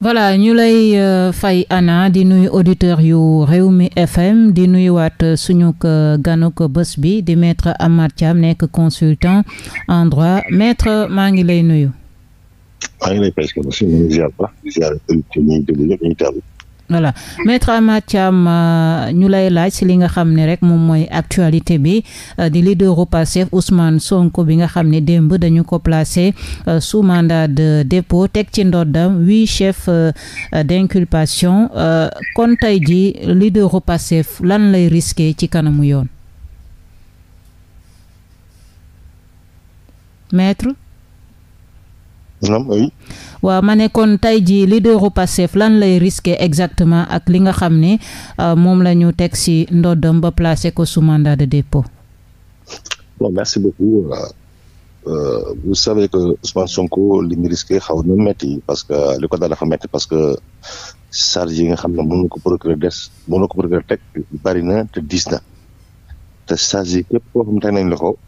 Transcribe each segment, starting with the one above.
voilà ñu lay fay Anna di nuyu auditeurs yu mi FM di nuyuwaat suñu ganuk bés bi di maître Amath Thiam nekk consultant en droit maître maa ngi lay nuyu. voilà maître Amath Thiam euh, ñu lay laaj si li nga xam ne rek moom mooy actualité bi euh, di leaderu Pastef Ousmane Sonko bi nga xam ne démb dañu ko placé euh, sous mandat de dépôt teg ci ndoddam huit chefs d'inculpation kon tey ji leaderu Pastef lan lay risqué ci kanamu yoon waaw ma ne kon tey jii leaderu Pastef lan lay risqué exactement ak li nga xam ne euh, moom la ñu teg si ndoddam ba placé ko sous mandat de dépôt. bon merci beaucoup euh, euh vous savez que Ousmane Sonko li ñu risqué xaw parce que li ko daal dafa métti parce que charge yi nga xam ne mën ko procureur des mën na ko procureur teg bari na te diis na te charge yi képp koo xam nañ la ko.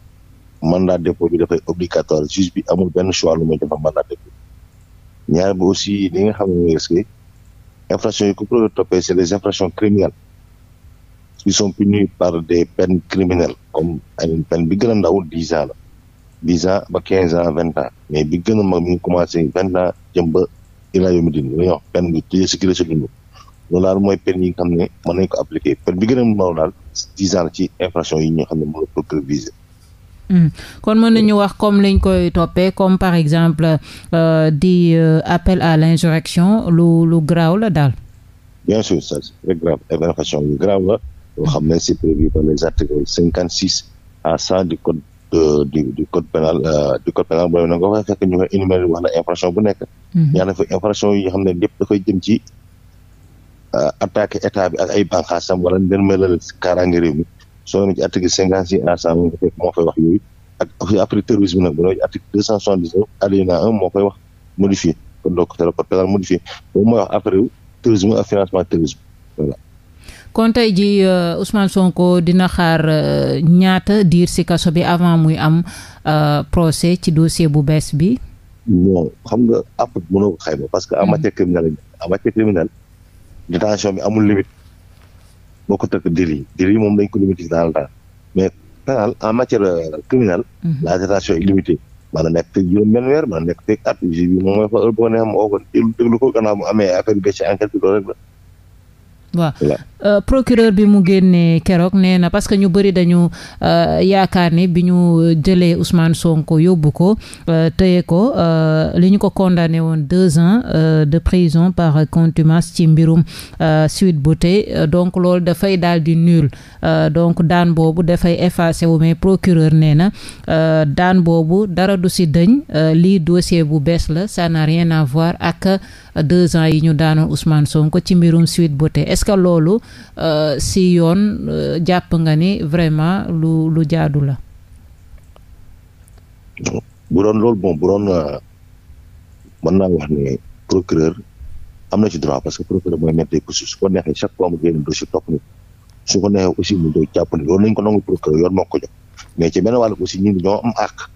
mandat dépôt bi dafay obligatoire juge bi amul benn choix lu muy def mandat ñaar bi aussi li nga xam ne risque infraction yi ko procureur toppee c'est des infractions criminelles qui sont punies par des peines comme ay peine bi gën a ndaw dix ans la dix ans ba quinze ans vingt ans mais bi gën a mag mi commencé vingt jëm ba ilaa yomi din lu ñuy wax peine bi mooy peine yi nga nañ ko appliquer bi gën a ndaw daal dix ans ci infraction yi ñi nga xam Hmm. kon mën nañu wax comme lañ koy toppee comme par exemple euh, di euh, appel à l'insurrection lu lu la daal. bien sûr ça c'est lu graaw la yoo xam ne c'est prévu par les articles cinquante six a cent du code euh, du du code pénal du code pénal boobu nag nga fekk ñu ngi énuméré wax na infraction bu nekk. Hmm. yaa ngi fa yi xam ne lépp dafay jëm ci attaquer état bi ak ay bànqaasam wala ndërmalal kaaraange réew mi. soo ñu ci article cinquante six à cent moo fay wax moo koy wax modifié kon donc c'est le code pénal modifié boobu wax après terrorisme ak financement terrorisme voilà. kon tey jii euh, Ousmane Sonko dina xaar euh, ñaata euh, diir ci kaso bi avant muy am euh, procès ci dossier bu bees bi. non xam nga àpp mënoo ko xayma parce que en hmm. matière criminelle en matière criminelle détention bi amul limite. bokkut ak délit délit moom dañ ko limité dans le temps mais pénal en matière euh, criminelle mhm. la détention est limitée mën na nekk teg juróom benn weer mën na nekk teg at juge bi moom fa heure boo ko neexee mu ko déglu ko amee affaire bi ba ci waaw euh, procureur bi mu génnee keroog nee na parce que ñu bëri dañu euh, yaakaar ni bi ñu euh, jëlee Ousmane Sonko yóbbu ko euh, téye ko euh, li ñu ko condamné woon deux ans de prison par contumace ci mbirum bu Beauté donc loolu dafay daal di nul donc daan boobu dafay effacé wu mais procureur nee na daan boobu dara du si dëñ lii dossier bu bees la ça n'a rien à voir ak deux ans yi ñu daanoon Ousmane Sonko ci mbirum Sweet Beauté est-ce que loolu euh, si yoon euh, jàpp nga ni vraiment lu lu jaadu la. bu doon loolu boom bu doon euh, mën naa wax ne procureur am na ci droit parce que procureur mooy nekk ko su ko neexee chaque fois mu génn dossier topp ni su ko neexee aussi mu jàpp ni loolu nañ ko nangu procureur yoon moo ko jox mais ci benn wàll aussi ñun ñoo am àq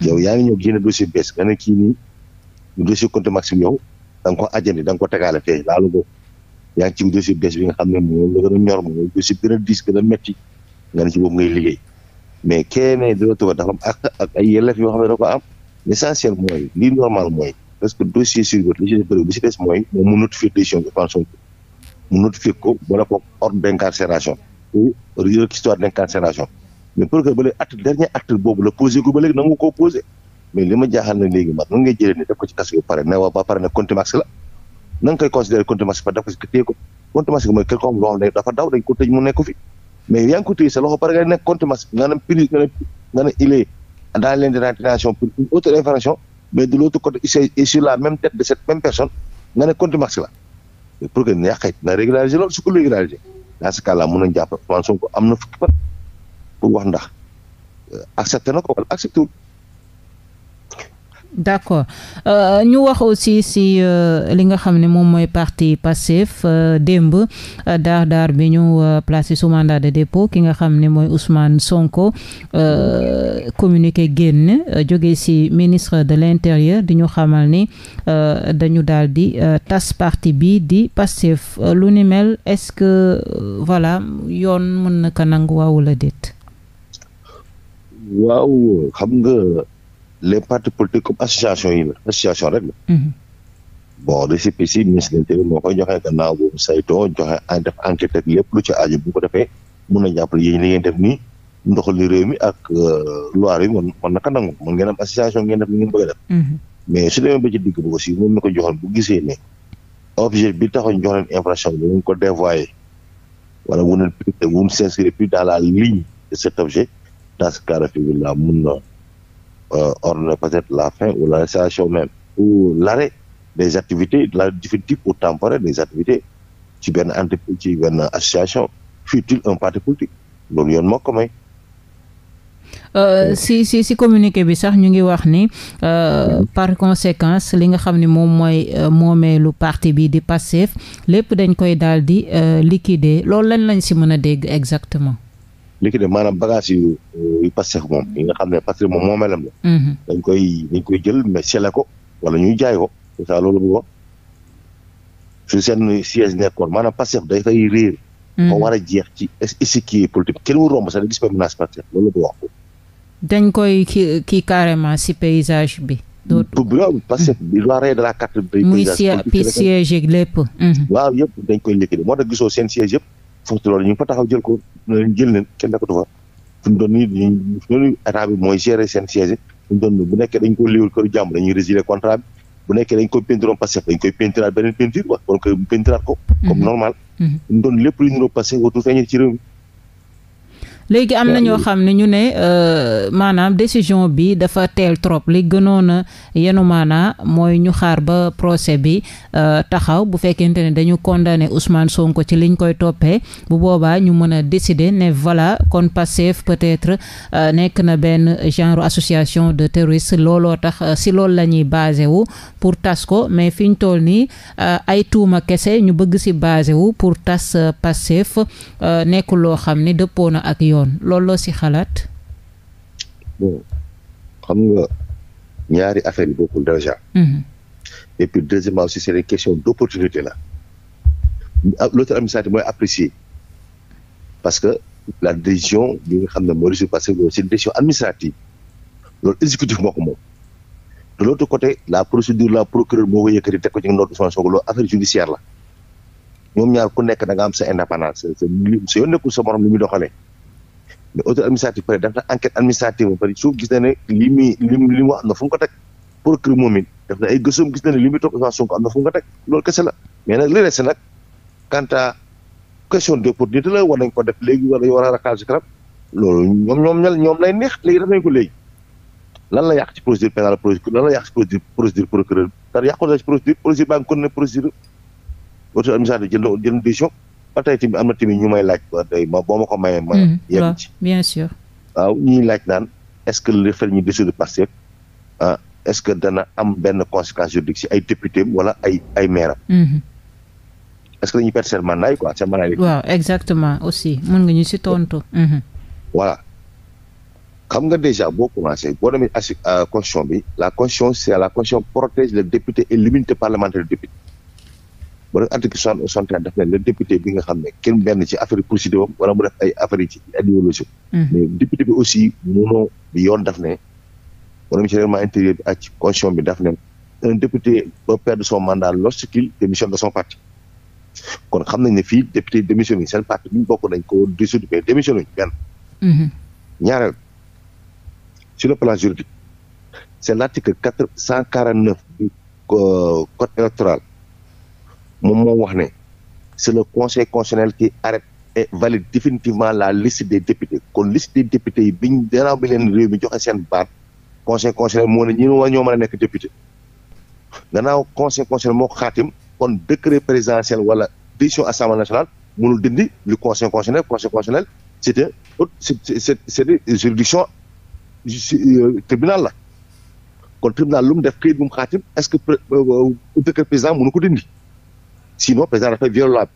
yow yaa ngi ñëw génne dossier bees nga ne kii nii dossier compte Maxime yow da nga ko ajandi da ko tegaale fee laalu ko yaa ngi ci dossier bees bi nga xam ne moom la gën a ñor moom a diis nga ne ci boobu ngay liggéey mais kenn dina tuba dafa am ak ak yelleef yoo xam ne da ko am l'essentiel mooy li normal mooy parce que dossier sur li ci bëri bi ci mooy moom mu notifié ko boole ko ordre d'incarcération ou requisitoire d'incarcération mais pour que ba acte dernier acte mais li ma jaaxal na léegi man nan ngay jëlee ne def ko ci kaso yu pare ne waa ba pare ne contumace la na nga koy considéré contumace par def ko ci téye ko contumace mooy quelque chose loo xam ne dafa daw dañ ko tëj mu nekk fi mais yaa ngi ko téye sa loxo pare nga nekk contumace nga ne prise nga ne nga ne il est dans l'indemnisation pour une autre infraction mais de l'autre côté c'est sur la même tête de cette même personne nga ne contumace la pour que yaa xëy na régulariser loolu su ko régulariser dans ce cas là mën nañu jàpp Ousmane Sonko am na fukki fan pour wax ndax euh, accepté na ko wala accepté wul d' accord euh, ñu wax aussi si euh, li nga xam ne moom mooy parti Pastef euh, démb euh, daar daar bi ñu euh, placé sous mandat de dépôt ki nga xam ne mooy Ousmane Sonko communiqué génn jóge si ministre de l' intérieur di ñu xamal ni dañu daal di tas parti bi di Pastef lu ni mel est ce que voilà yoon mën na ko nangu waaw la déet les partis politiques comme association yi la association rek la. Mhm. bon récépissé ministre de l'Intérieur moo koy joxe gannaaw boobu saytoo def enquête ak lépp lu ci aju bu ko defee mun na jàppale yéen li ngeen ni nii ndoxali réew mi ak euh, loi yi man man naka nangu man ngeen am association ngeen def li ngeen bëgg a def. Mhm. mais su demee ba ci digg boobu aussi mën na ko joxoon bu gisee ne objet bi taxoon jox leen bo ko ñu ko dévoyé wala mu ne plus mu s'inscrire plus la ligne de cet objet dans ce cas de figure Euh, ordonner peut-être la fin ou la même ou l'arrêt des activités la définitive ou temporaire des activités ci benn entreprise ci benn association fut-il parti politique loolu yoon moo ko may euh, si si si communiqué bi sax ñu ngi wax ni euh, par conséquence li nga xam ni moom mooy euh, moomeelu parti bi di Pastef lépp dañ koy daal di liquider loolu lañ lañ si mën a dégg exactement liquide maanaam bagage yu yu Pastef moom yi nga xam ne Pastef moom moomeelam la. Mhm. dañ koy dañ koy jël mais sele ko wala ñuy jaay ko c'est ça loolu bu wax su seen siège nekkoon maanaam Pastef day fay réer. moo mhm. war a jeex ci échiquier politique kenn wu paysage bi. dootul bi mhm. il doit rayer de la carte. paysage politique muy siège lépp. waaw yëpp dañ koy yëpp. force de l'ordre ñu fa taxaw jël ko jël leen kenn nekkatu fa fu mu mooy gérer seen siège fu bu nekkee dañ ko liwul këru jàmm dañuy bu nekkee dañ koy peinturoon passé dañ koy peinturaat beneen peinture ko. comme mhm. normal. Mhm. fu mu doon lépp lu ñu doon passé léegi am na ñoo xam ne ñu ne euh, maanaam décision bi dafa teel trop li gënoon a yenu maanaa mooy ñu xaar ba procès bi euh, taxaw bu fekkente ne dañu condamné Ousmane ko ci liñ koy toppee bu boobaa ñu mën a décider ne voilà kon Pastef peut-être euh, nekk na benn genre association de terroristes looloo tax euh, si loolu la ñuy basé wu pour tas ko mais fi ñu toll nii euh, ay tuuma kese ñu bëgg si basé wu pour tas euh, Pastef nekkul loo xam ne dëppoo na ak yoon loolu loo si xalaat. xam nga ñaari affaire yi bokkul déjà. Mhm. et puis deuxièmement aussi c'est une question d'opportunité là. l'autre administratif mooy apprécier parce que la décision bi nga xam ne moo résultat parce que loolu c'est une décision administrative côté la procédure la procureur moo ko yëkkati teg ko ci noor Ousmane Sonko loolu judiciaire la ñoom ñaar ku nekk da nga am sa indépendance sa yoon nekkul sa morom li muy doxalee. mais autorité administrative pare def na enquête administrative ba pare suuf gis am na fu mu ko teg procureur moom it def na ay gëstoom gis na ne li muy topp Ousmane Sonko am na fu mu ko loolu kese la mais nag li reste nag quant à question d'opportunité la war nañ ko def léegi war nañu war a rakkal si kanam loolu ñoom ñoom lay neex léegi def nañ ko léegi lan la yàq ci procédure pénale lan la yàq ci procédure procédure procureur dara yàqu la ci procédure procédure baa ngi kon ne procédure autorité administrative jël na jël ba tey tamit am na tamit ñu may laaj ba tey ma boo ma ko mayee. ma hmm, yegg ci waaw ñuy laaj naan est-ce que le fait ñu dissoudre Pastef ah est-ce que dana am benn conséquence juridique si ay député wala ay ay maire am. Hmm. est-ce que dañuy perdre seen mandat yi quoi seen mandat yi. waaw exactement aussi mën nga ñu si tontu. Hmm. voilà xam nga déjà boo commencé boo demee assi euh, constitution bi la constitution c'est la constitution protège le député et l'immunité parlementaire du député. ba def article soixante daf ne le député bi nga xam ne kenn benn ci affaire procédure am wala mu def ay affaire idéologie mhm. député bi aussi mënoo bi yoon daf ne wala mu ci règlement intérieur bi ak constitution bi daf ne un député peut perdre son mandat lorsqu'il démissionne de son parti nañ ne fii député démissionné seen parti bi ñu bokk dañ ko dissoudre mais démissionné benn mhm. ñaareel sur le plan juridique c'est l'article quatre cent quarante neuf du euh, code moom moo wax ne c'est le conseil constitutionnel qui arrête et valide définitivement la liste des députés kon liste des députés yi biñ danaaw bi leen réew mi joxe seen baat conseil constitutionnel moo ne ñi wa ñoo mën a nekk député gannaaw conseil constitutionnel moo xaatim kon décret présidentiel wala décision assemblée nationale mënul dindi lu conseil constitutionnel conseil constitutionnel c'était c'est c'est juridiction euh, tribunal la kon tribunal lu mu def këyit bu mu xaatim est-ce que euh, euh, décret président mënu ko sinon président dafay violable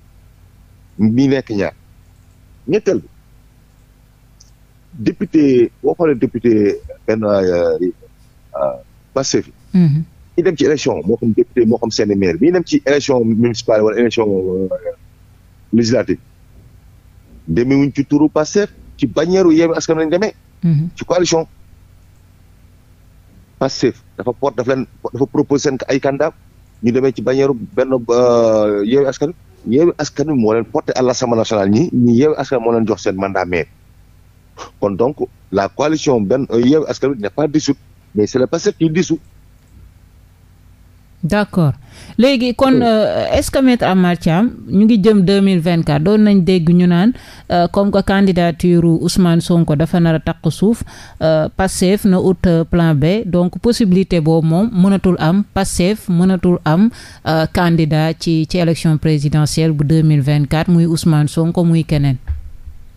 mi nekk ñaar ñetteel bi député boo xoolee député benn euh, euh, fi ñi mm-hmm. dem ci élection moo xam député moo xam seen maire bi ñu dem ci élection municipale wala élection euh, législative demewuñ ci turu Pastef ci bannière Yewwi Askan Wi lañ demee mm-hmm. ci coalition Pastef dafa porte dafa proposé ay candidat ñu demee ci bannière benn euh, Yewwi Askan Yewwi Askan wi moo leen porté à l'Assemblée nationale ñi ñi Yewwi Askan moo leen jox seen mandat mais kon donc la coalition benn euh, Yewwi Askan wi n'est pas dissoute mais c'est le Pastef qui d'accord léegi kon euh, est-ce que maître Amath ñu ngi jëm 2024 doon nañ dégg ñu naan euh, comme que candidature Ousmane Sonko dafa nar a takk suuf euh, Pastef na ut plan B donc possibilité boobu moom mënatul am Pastef mënatul am candidat ci ci élection présidentielle bu 2024 muy Ousmane Sonko muy keneen.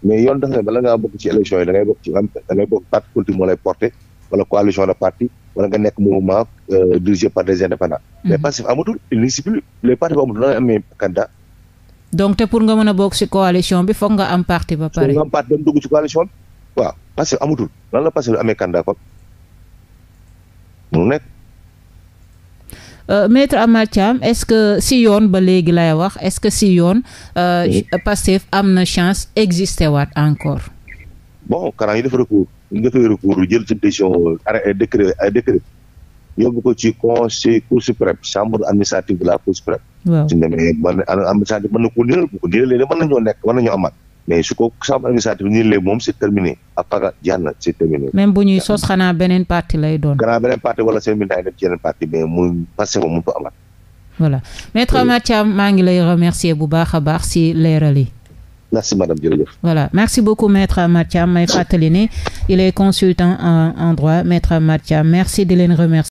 mais yoon dafa ne bala ngaa bokk ci élection yi da bokk ci da lay porté wala coalition de parti wala nga nekk mouvement. euh, dirigé par des indépendants. Mhm. mais Pastef amatul il n'existe plus les partis amee candidat. donc te pour nga mën a bokk ci coalition bi foog nga am parti ba pare. foog nga dugg ci coalition bi waaw Pastef amatul lan la Pastef amee candidat kon mu nekk. Euh, maître Amath Thiam est-ce que si yoon ba léegi lay wax est-ce que si yoon euh, oui. Pastef am na chance existe waat encore. bon karaa ñu def recours ñu defee recours jël seen décision euh, arrêté euh, décret euh, décret yóbbu ko ci conseil cour suprême chambre administrative de la cour suprême. waaw su ñu demee ba ne administrative mën na ko niral bu ko niralee léegi mën nañoo nekk mën nañoo amaat mais su ko chambre administrative niralee moom c' est terminé après jeex na c' est terminé. même bu ñuy sos xanaa beneen parti lay doon. xanaa beneen parti wala seen militaire def ci yeneen parti mais mu passé ko mënut a amaat. voilà maître Amath Thiam maa ngi lay remercier bu baax a baax si leeral yi. merci madame jërëjëf. voilà merci beaucoup maître Amath Thiam may fàttali ne il est consultant en droit maître Amath Thiam merci di leen remercier.